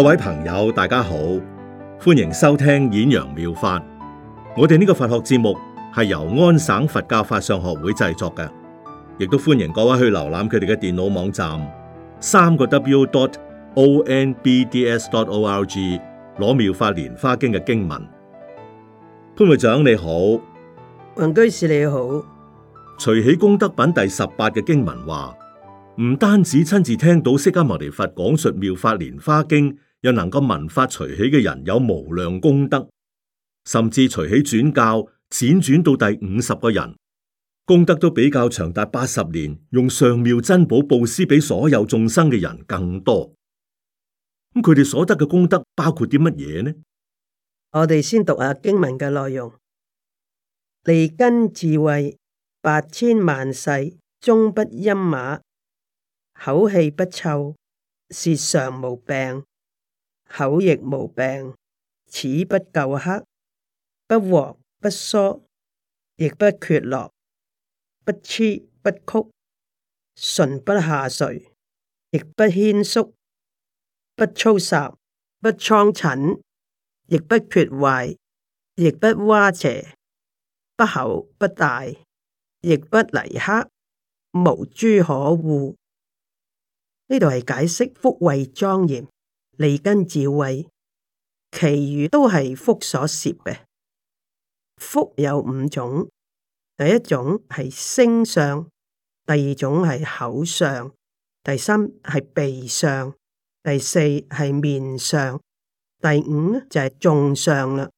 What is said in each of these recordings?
各位朋友，大家好，歡迎收聽演揚妙，妙法。我哋呢個佛學節目係由安省佛教法相學會製作嘅，亦都歡迎各位去瀏覽佢哋嘅電腦網站，三個 w.dot.o.n.b.d.s.dot.o.r.g 攞妙法蓮花經嘅經文。潘會長你好，雲居士你好。隨喜功德品第十八嘅經文話，唔單止親自聽到釋迦牟尼佛講述妙法蓮花經。又能夠聞法隨喜嘅人有無量功德，甚至隨喜轉教，輾轉到第五十個人，功德都比較長達八十年，用上妙珍寶布施俾所有眾生嘅人更多。咁佢哋所得嘅功德包括啲乜嘢呢？我哋先讀下經文嘅內容：利根智慧八千萬世終不陰馬，口氣不臭，是常無病。口亦無病，齒不垢黑，不黃不疏，亦不缺落，不差不曲，唇不，不下垂，亦不牽縮，不粗澀，不瘡胗，亦不缺壞，亦不喎斜，不厚不大，亦不黧黑，黑，無諸可惡。呢度係解釋福慧莊嚴。利根智慧，其餘都係福所攝嘅。福有五種，第一種係聲相，第二種係口相，第三係鼻相，第四係面相，第五就係眾相啦。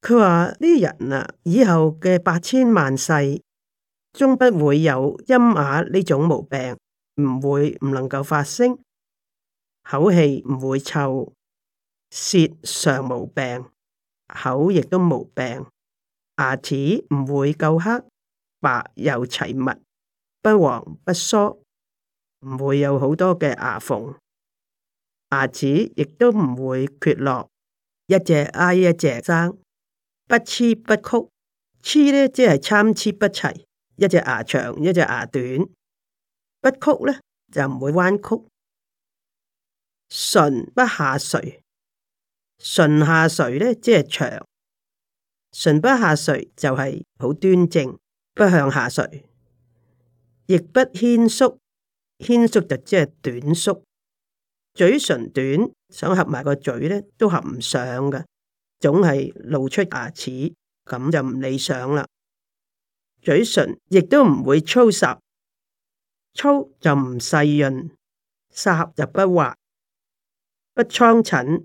佢話呢啲人啊，以後嘅八千萬世，終不會有音啞呢種毛病，唔會唔能夠發聲。口氣唔會臭，舌常無病，口亦都無病，牙齒唔會夠黑，白又齊密，不黃不疏，唔會有好多嘅牙縫，牙齒亦都唔會缺落，一隻挨一隻生，不黐不曲。黐呢，即係參差不齊，一隻牙長，一隻牙短，不曲呢，就唔會彎曲。唇不下垂，唇下垂咧，即係長；唇不下垂就係好端正，不向下垂，亦不牽縮。牽縮就即係短縮，嘴唇短，想合埋個嘴咧，都合唔上嘅，總係露出牙齒，咁就唔理想啦。嘴唇亦都唔會粗澀，粗就唔細潤，澀就不滑。不瘡疹，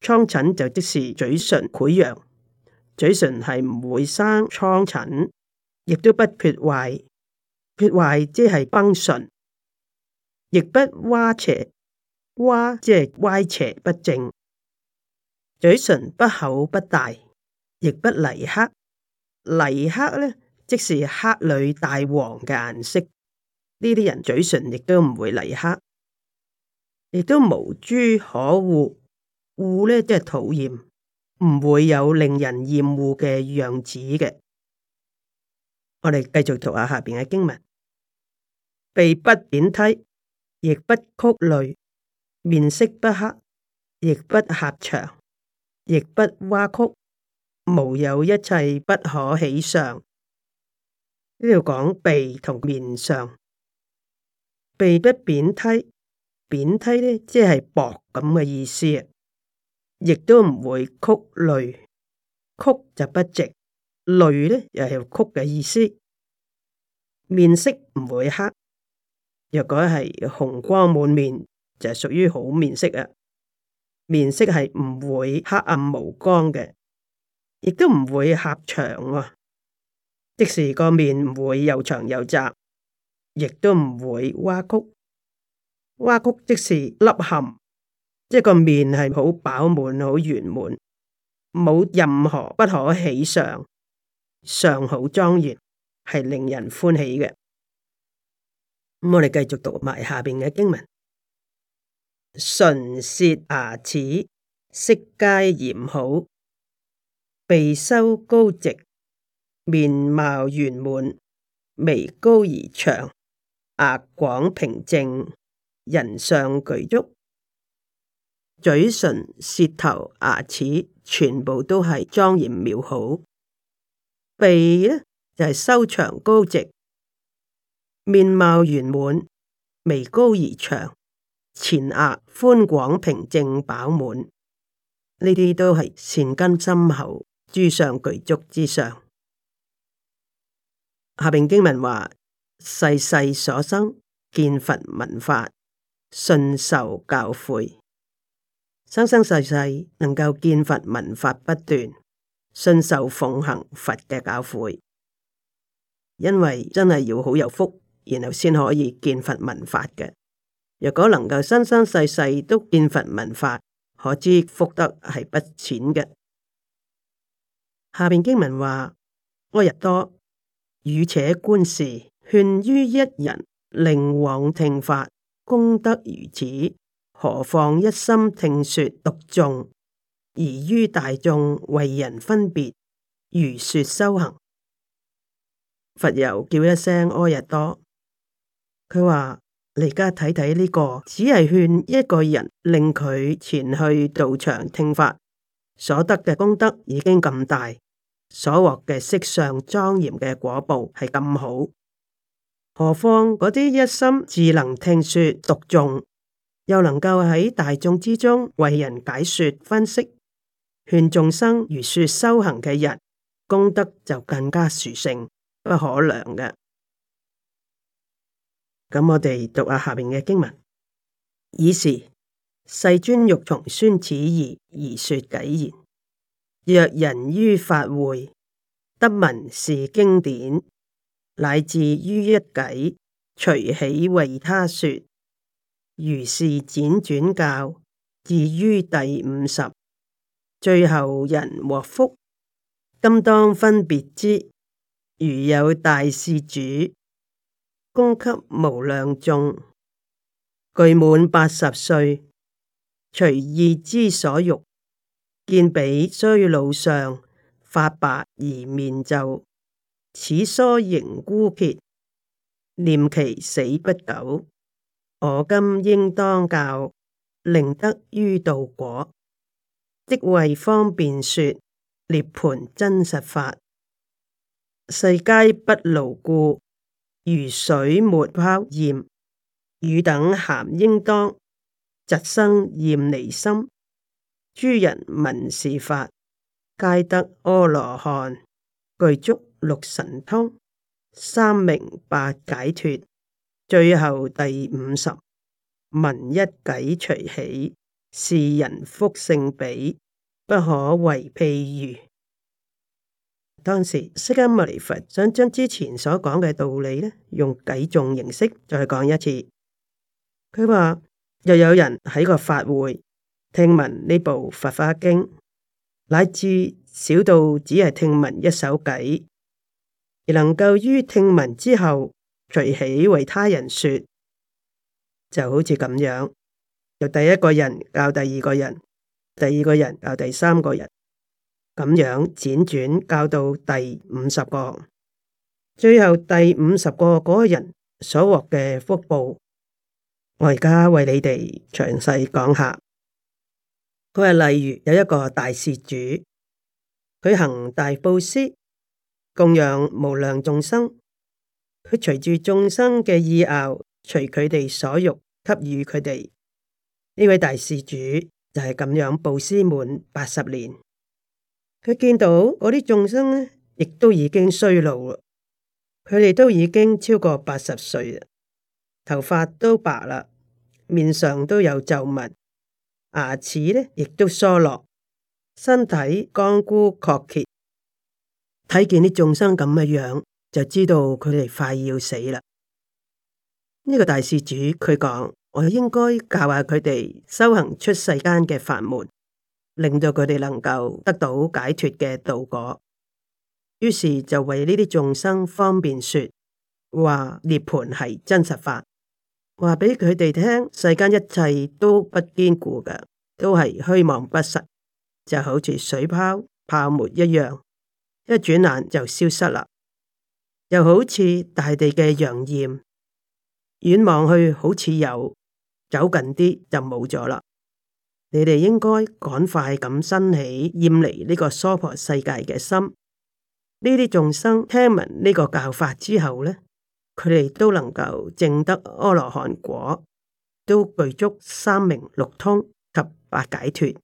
瘡疹就即是嘴唇潰瘍。嘴唇係唔會生瘡疹，亦都不脱壞。脱壞即係崩唇，亦不歪斜。歪即係歪斜不正。嘴唇不厚不大，亦不泥黑。泥黑呢，即是黑裏帶黃嘅顏色。呢啲人嘴唇亦都唔會泥黑。亦都無諸可惡，惡呢，即係討厭，唔會有令人厭惡嘅樣子嘅。我哋繼續讀下下邊嘅經文：鼻不匾㔸，亦不曲戾，面色不黑，亦不狹長，亦不窊曲，無有一切不可喜相。呢度講鼻同面相，鼻不匾㔸。扁梯咧，即係薄咁嘅意思，亦都唔會曲累，曲就不直，累咧又係曲嘅意思。面色唔會黑，若果係紅光滿面，就係屬於好面色啊。面色係唔會黑暗無光嘅，亦都唔會狹長啊，即時個面唔會又長又窄，亦都唔會彎曲。彎曲即是凹陷，即係個面係好飽滿、好圓滿，冇任何不可喜，上上好莊嚴，係令人歡喜嘅。咁我哋繼續讀埋下邊嘅經文：唇舌牙齒色皆嚴好，鼻修高直，面貌圓滿，眉高而長，額廣平正。人上具足，嘴唇、舌頭、牙齒全部都係莊嚴妙好。鼻呢就係修長高直，面貌圓滿，眉高而長，前額寬廣平正飽滿。呢啲都係善根深厚、諸上具足之相。下邊經文話：世世所生見佛聞法。信受教誨，生生世世能夠見佛聞法不斷，信受奉行佛嘅教誨，因為真係要好有福，然後先可以見佛聞法嘅。若果能夠生生世世都見佛聞法，可知福德係不淺嘅。下邊經文話：阿逸多，汝且觀是，勸於一人，令往聽法。功德如此，何況一心聽説讀誦，而於大眾為人分別，如説修行。佛又叫一聲阿逸多，佢話：你而家睇睇呢個，只係勸一個人令佢前去道場聽法，所得嘅功德已經咁大，所獲嘅色相莊嚴嘅果報係咁好。何況嗰啲一心自能聽説讀誦，又能夠喺大眾之中為人解説分析，勸眾生如説修行嘅人，功德就更加殊勝，不可量嘅。咁我哋讀下下面嘅經文，爾時世尊欲重宣此義而說偈言若人於法會得聞是經典。乃至於一偈，隨喜為他說，如是輾轉教，至於第五十，最後人獲福，今當分別之。如有大施主，供給無量眾，具滿八十歲，隨意之所欲，見彼衰老相，髮白而面皺。齒疏形枯竭，念其死不久。我今應當教令得於道果，即為方便說涅槃真實法。世皆不牢固，如水沫泡焰。汝等咸應當疾生厭離心。諸人聞是法，皆得阿羅漢具足六神通，三明八解脫，最後第五十聞一偈隨喜，是人福勝彼不可為譬如。當時釋迦牟尼佛想將之前所講嘅道理呢，用偈頌形式再講一次。佢話又有人喺個法會聽聞呢部《佛法華經》，乃至小到只係聽聞一首偈。而能夠於聽聞之後，隨喜為他人說，就好似咁樣，由第一個人教第二個人，第二個人教第三個人，咁樣輾轉教到第五十個，最後第五十個嗰個人所獲嘅福報，我而家為你哋詳細講下。佢係例如有一個大施主，佢行大布施。供養無量眾生，佢隨住眾生嘅意拗，隨佢哋所欲給予佢哋。呢位大施主就係咁樣布施滿八十年，佢見到嗰啲眾生咧，亦都已經衰老啦，佢哋都已經超過八十歲啦，頭髮都白啦，面上都有皺紋，牙齒咧亦都疏落，身體乾枯缺缺。睇見啲眾生咁嘅樣，樣，就知道佢哋快要死啦。呢、這個大施主佢講，我應該教下佢哋修行出世間嘅法門，令到佢哋能夠得到解脫嘅道果。於是就為呢啲眾生方便說話，說涅槃係真實法，話俾佢哋聽，世間一切都不堅固嘅，都係虛妄不實，就好似水泡泡沫一樣。一轉眼就消失啦，又好似大地嘅陽焰，遠望去好似有，走近啲就冇咗啦。你哋應該趕快咁生起厭離呢個娑婆世界嘅心。呢啲眾生聽聞呢個教法之後呢，佢哋都能夠證得阿羅漢果，都具足三明六通及八解脫，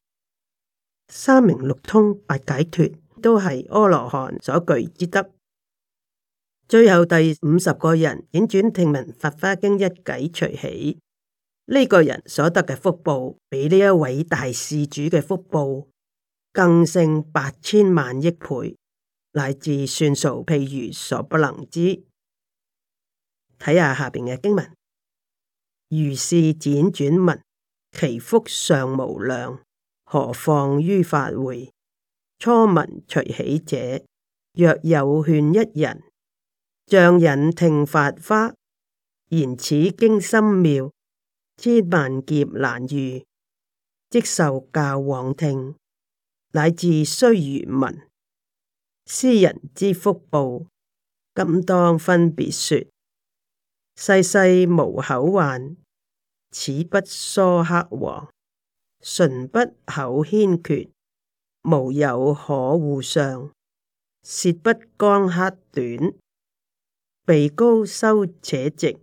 三明六通八解脫。都係阿羅漢所具之德。最後第五十個人輾轉聽聞《法華經》一偈隨喜，呢、這個人所得嘅福報，比呢一位大施主嘅福報更勝八千萬億倍，乃至算數譬如所不能知。睇下下邊嘅經文，如是輾轉聞，其福尚無量，何況於法會？初聞隨喜者，若有勸一人，將引聽法花，言此經深妙，千萬劫難遇，即受教往聽，乃至須臾聞，斯人之福報，今當分別說，世世無口患，齒不疏黑黃，唇不厚褰缺。無有可惡相，舌不乾黑短，鼻高修且直，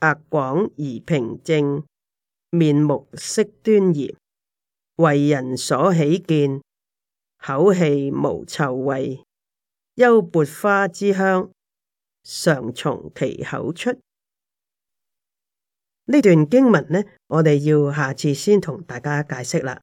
額廣而平正，面目色端嚴，為人所喜見，口氣無臭味，優缽花之香，常從其口出。呢段經文呢，我哋要下次先同大家解釋啦。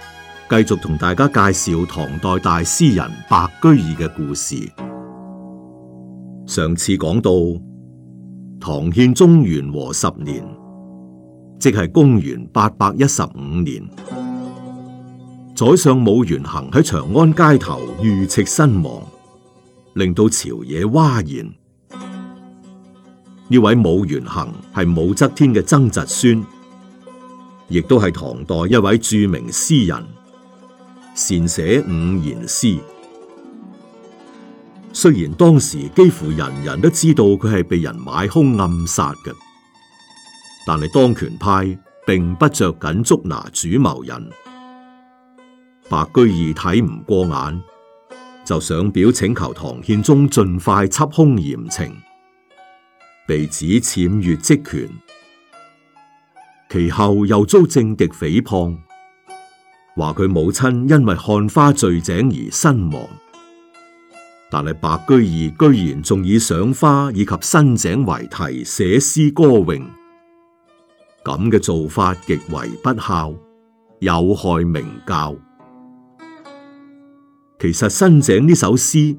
繼續同大家介紹唐代大詩人白居易嘅故事。上次講到唐憲宗元和十年，即係公元八百一十五年，宰相武元衡喺長安街頭遇刺身亡，令到朝野嘩然。呢位武元衡係武則天嘅曾侄孫，亦都係唐代一位著名詩人。善寫五言詩，雖然當時幾乎人人都知道佢係被人買兇暗殺嘅，但係當權派並不着緊捉拿主謀人。白居易睇唔過眼，就上表請求唐憲宗盡快緝兇嚴懲，被指僭越職權，其後又遭政敵誹謗。話佢母親因為看花醉井而身亡，但係白居易居然仲以賞花以及新井為題寫詩歌詠，咁嘅做法極為不孝，有害名教。其實新井呢首詩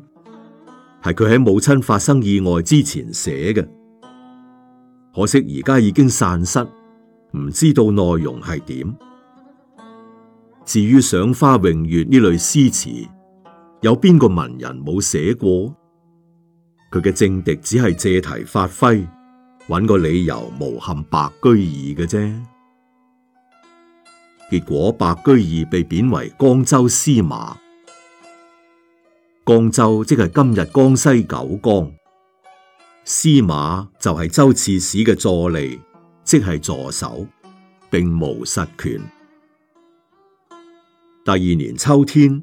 係佢喺母親發生意外之前寫嘅，可惜而家已經散失，唔知道內容係點。至於賞花詠月呢類詩詞，有邊個文人冇寫過？佢嘅政敵只係借題發揮，揾個理由誣陷白居易嘅啫。結果白居易被貶為江州司馬。江州即係今日江西九江。司馬就係州刺史嘅助理，即係助手，並無實權。第二年秋天，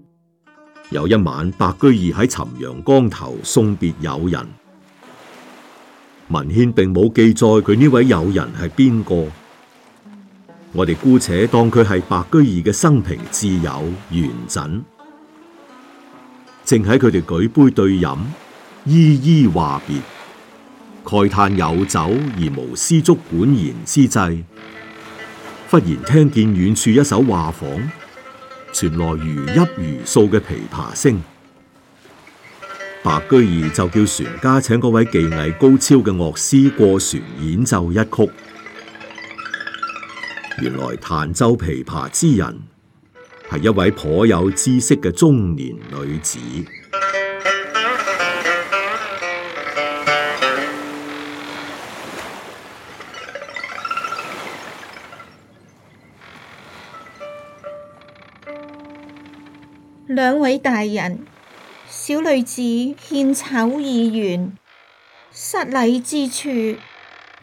有一晚，白居易喺潯陽江頭送別友人。文獻，並冇記載佢呢位友人係邊個，我哋姑且當佢係白居易嘅生平摯友元稹。正喺佢哋舉杯對飲，依依話別，慨嘆有酒而無絲竹管弦之際，忽然聽見遠處一首畫舫，傳來如泣如訴嘅琵琶聲，白居易就叫船家請嗰位技藝高超嘅樂師過船演奏一曲。原來彈奏琵琶之人係一位頗有知識嘅中年女子。兩位大人，小女子獻醜已完，失禮之處，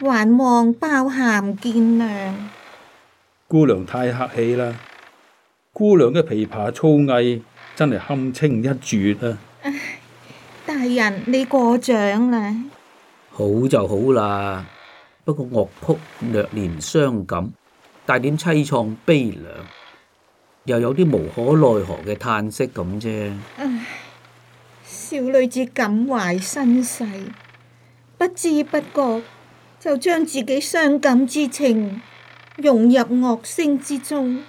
還望包涵見諒。姑娘太客氣啦。姑娘嘅琵琶粗藝真係堪稱一絕啊！大人，你過獎啦。好就好啦，不過樂曲略年傷感，帶點淒愴悲涼。又有啲無可奈何嘅嘆息咁啫。唉，小女子感懷身世，不知不覺就將自己傷感之情融入樂聲之中，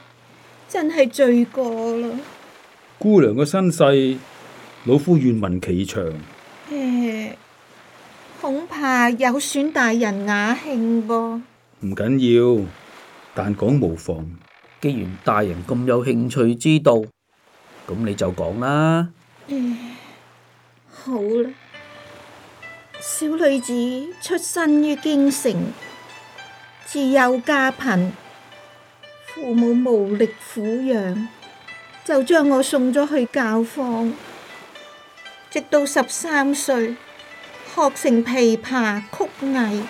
真係罪過啦。姑娘嘅身世，老夫願聞其詳。誒，恐怕有損大人雅興噃。唔緊要，但講無妨。既然大人咁有興趣知道，咁你就講啦。好啦，小女子出身於京城，自幼家貧，父母無力撫養，就將我送咗去教坊，直到十三歲學成琵琶曲藝，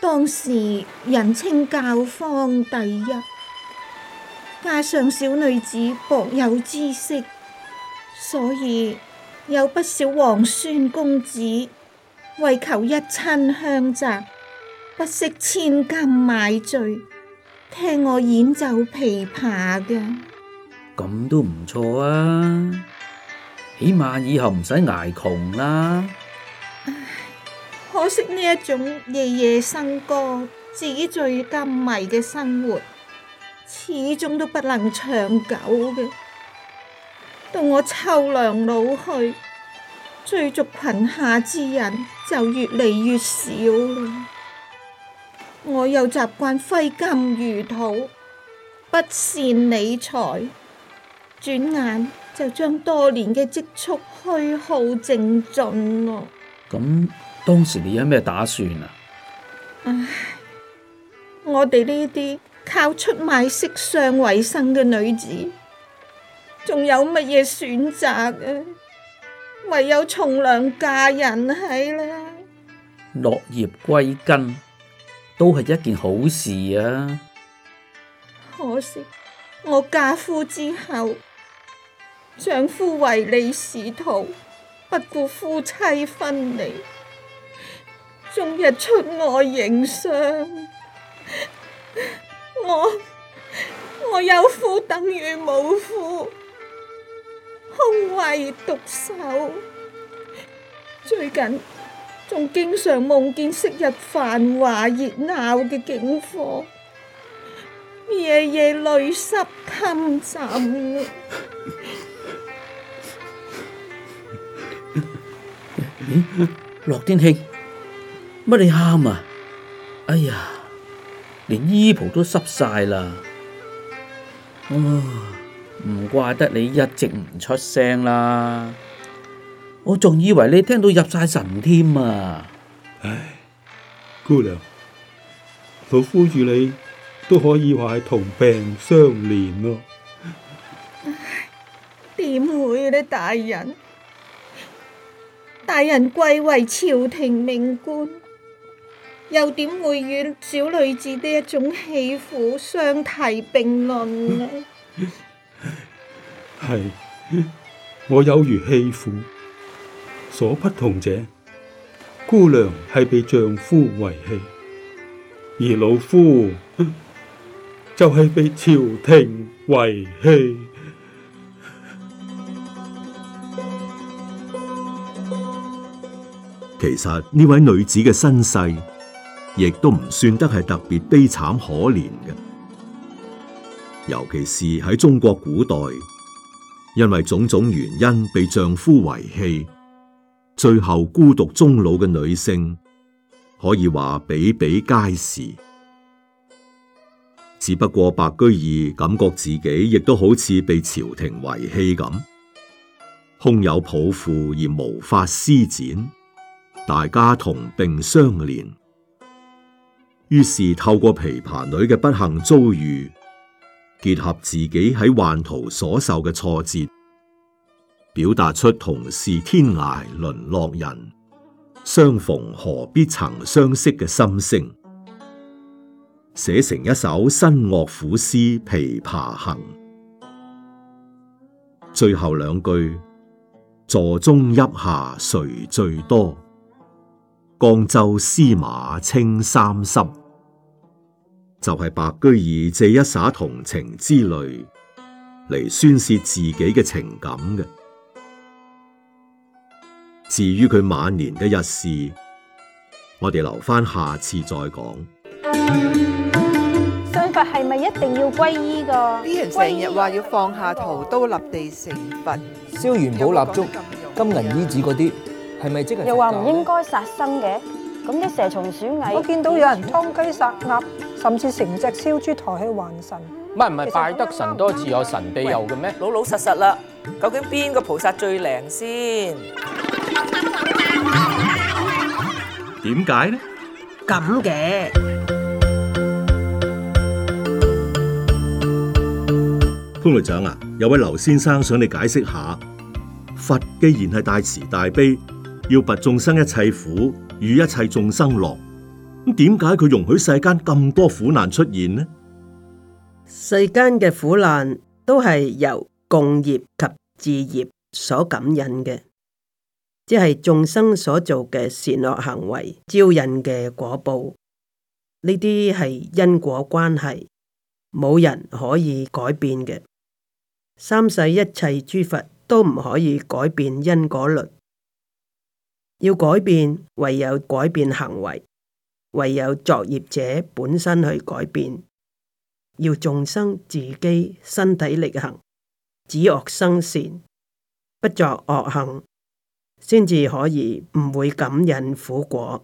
當時人稱教坊第一。加上小女子薄有姿色，所以有不少皇孫公子為求一親香澤，不惜千金買醉，聽我演奏琵琶嘅。咁都唔錯啊！起碼以後唔使挨窮啦。唉，可惜呢一種夜夜笙歌、紙醉金迷嘅生活。始終都不能長久嘅，到我秋娘老去，追逐裙下之人就越嚟越少啦。我又習慣揮金如土，不善理財，轉眼就將多年嘅積蓄虛耗淨盡啦。咁當時你有咩打算啊？唉，我哋呢啲。靠出賣色相為生嘅女子，仲有乜嘢選擇啊？唯有從良嫁人係啦。落葉歸根都係一件好事啊！可惜我嫁夫之後，丈夫唯利是圖，不顧夫妻分離，終日出外營商。 我我有夫等於冇夫，空懷獨守。最近仲經常夢見昔日繁華熱鬧嘅景況，夜夜淚濕衾枕。樂天兄，乜你喊呀？哎呀！連衣袍都濕晒啦，唔、哦、怪得你一直唔出聲啦。我仲以為你聽到入晒神添啊！唉、哎，姑娘，老夫與你都可以話係同病相憐咯。點、哎、會呢？大人，大人貴為朝廷命官。又點會與小女子的一種棄婦相提並論呢？係，我有如棄婦，所不同者，姑娘係被丈夫遺棄，而老夫就係被朝廷遺棄。其實呢位女子嘅身世。亦都唔算得係特別悲慘可憐嘅，尤其是喺中國古代，因為種種原因被丈夫遺棄，最後孤獨終老嘅女性，可以話比比皆是。只不過白居易感覺自己亦都好似被朝廷遺棄咁，空有抱負而無法施展，大家同病相憐。於是透過琵琶女嘅不幸遭遇，結合自己喺宦途所受嘅挫折，表達出同是天涯淪落人，相逢何必曾相識嘅心聲，寫成一首新樂府詩《琵琶行》。最後兩句：座中泣下誰最多？江州司馬青衫濕，就係、是、白居易借一灑同情之淚嚟宣泄自己嘅情感嘅。至於佢晚年嘅軼事，我哋留翻下次再講。信佛係咪一定要皈依噶？啲人成日話要放下屠刀立地成佛，燒元寶、蠟燭、金銀衣紙嗰啲。又話唔應該殺生嘅，咁啲蛇蟲鼠蟻，我見到有人劏雞殺鴨，甚至成隻燒豬抬起還神。唔係唔係，拜得神多自有神庇佑嘅咩？老老實實啦，究竟邊個菩薩最靈先？點解呢？咁嘅，潘隊長啊，有位劉先生想你解釋下，佛既然係大慈大悲。要拔眾生一切苦，與一切眾生樂。咁點解佢容許世間咁多苦難出現呢？世間嘅苦難都係由共業及自業所感染嘅，即係眾生所做嘅善惡行為招引嘅果報，呢啲係因果關係，冇人可以改變嘅。三世一切諸佛都唔可以改變因果律。要改變，唯有改變行為，唯有作業者本身去改變。要眾生自己身體力行，止惡生善，不作惡行，先至可以唔會感引苦果。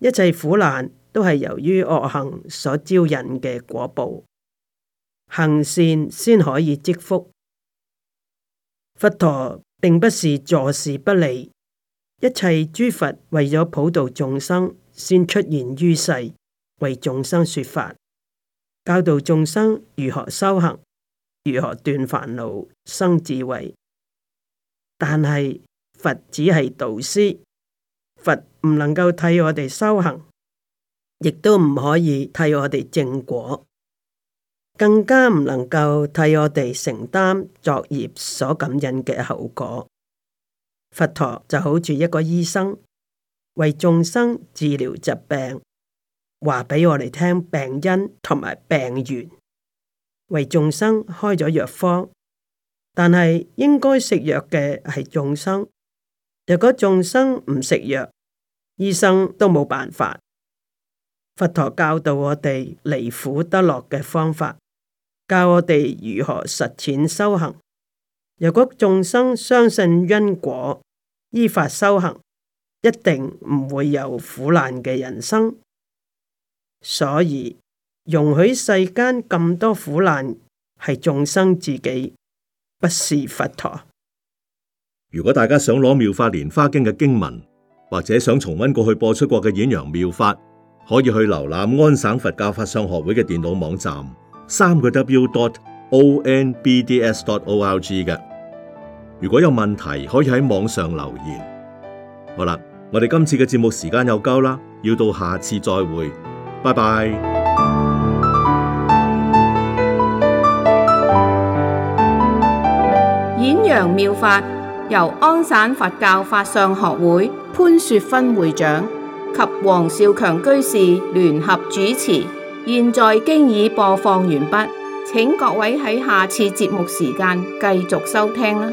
一切苦難都係由於惡行所招引嘅果報，行善先可以積福。佛陀並不是坐視不理。一切諸佛為咗普度眾生，先出現於世，為眾生說法，教導眾生如何修行，如何斷煩惱、生智慧。但係佛只係導師，佛唔能夠替我哋修行，亦都唔可以替我哋正果，更加唔能夠替我哋承擔作業所感染嘅後果。佛陀就好似一個醫生，為眾生治療疾病，話俾我哋聽病因同埋病源，為眾生開咗藥方。但係應該食藥嘅係眾生，若果眾生唔食藥，醫生都冇辦法。佛陀教導我哋離苦得樂嘅方法，教我哋如何實踐修行。若果眾生相信因果，依法修行，一定唔會有苦難嘅人生。所以容許世間咁多苦難，係眾生自己，不是佛陀。如果大家想攞《妙法蓮華經》嘅經文，或者想重温過去播出過嘅《演揚妙法》，可以去瀏覽安省佛教法相學會嘅電腦網站，三個 W dot O N B D S dot O L G 嘅。如果有問題，可以喺網上留言。好啦，我哋今次嘅節目時間又夠啦，要到下次再會，拜拜。演揚妙法由安省佛教法相學會潘雪芬會長及黃少強居士聯合主持，現在經已播放完畢，請各位喺下次節目時間繼續收聽啦。